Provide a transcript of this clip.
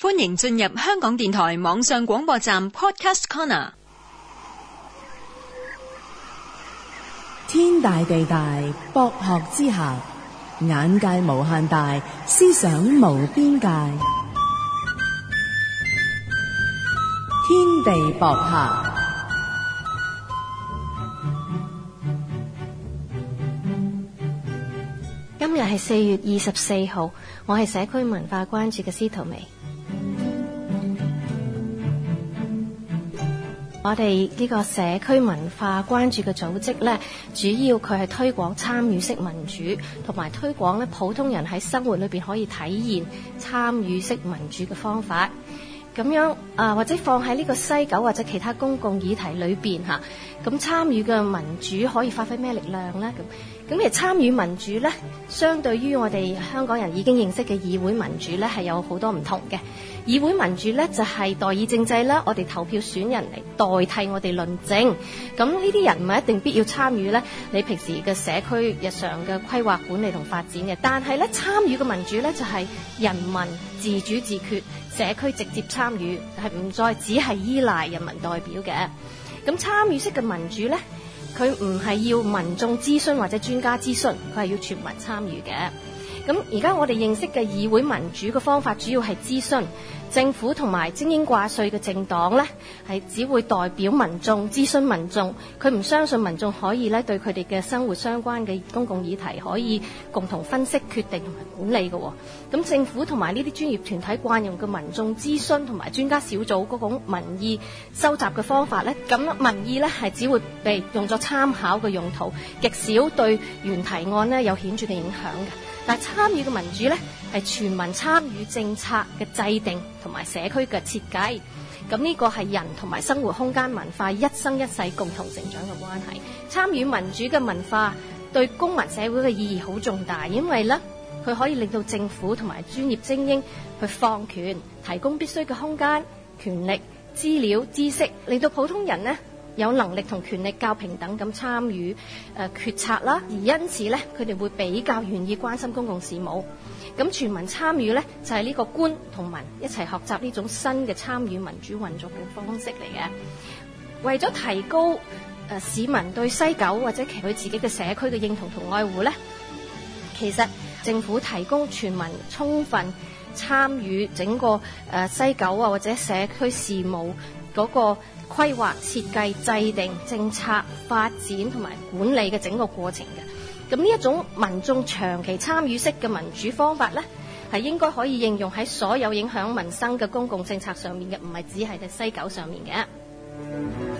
歡迎進入香港電台網上廣播站 Podcast Corner。天大地大，博學之下，眼界無限大，思想無邊界。天地博客。今日係四月二十四號，我係社區文化關注嘅司徒薇。我哋呢個社區文化關注嘅組織呢，主要佢係推廣參與式民主，同埋推廣咧普通人喺生活裏面可以體驗參與式民主嘅方法。咁樣啊，或者放喺呢個西九或者其他公共議題裏面，嚇，咁參與嘅民主可以發揮咩力量呢？咁咁誒參與民主咧，相對於我哋香港人已經認識嘅議會民主咧，係有好多唔同嘅。議會民主咧就係代議政制啦，我哋投票選人嚟代替我哋論政。咁呢啲人唔係一定必要參與咧，你平時嘅社區日常嘅規劃管理同發展嘅。但係咧參與嘅民主咧就係人民自主自決，社區直接參與係唔再只係依賴人民代表嘅。咁參與式嘅民主咧。佢唔係要民眾諮詢或者專家諮詢，佢係要全民參與嘅。咁而家我哋認識嘅議會民主嘅方法，主要係諮詢政府同埋精英掛帥嘅政黨咧，係只會代表民眾諮詢民眾。佢唔相信民眾可以咧對佢哋嘅生活相關嘅公共議題可以共同分析、決定同埋管理嘅哦。咁政府同埋呢啲專業團體慣用嘅民眾諮詢同埋專家小組嗰種民意收集嘅方法咧，咁民意咧係只會被用作參考嘅用途，極少對原提案咧有顯著嘅影響嘅。但參與嘅民主呢，係全民參與政策嘅制定同埋社區嘅設計。咁呢個係人同埋生活空間文化一生一世共同成長嘅關係。參與民主嘅文化對公民社會嘅意義好重大，因為呢，佢可以令到政府同埋專業精英去放權，提供必須嘅空間、權力、資料、知識，令到普通人呢。有能力同權力較平等咁參與誒、呃、決策啦，而因此咧，佢哋會比較願意關心公共事務。咁全民參與咧，就係、是、呢個官同民一齊學習呢種新嘅參與民主運作嘅方式嚟嘅。為咗提高、呃、市民對西九或者佢自己嘅社區嘅認同同愛護咧，其實政府提供全民充分參與整個、呃、西九啊或者社區事務。嗰個規劃設計制定政策發展同埋管理嘅整個過程嘅。咁呢一種民眾長期參與式嘅民主方法呢，係應該可以應用喺所有影響民生嘅公共政策上面嘅，唔係只係喺西九上面嘅。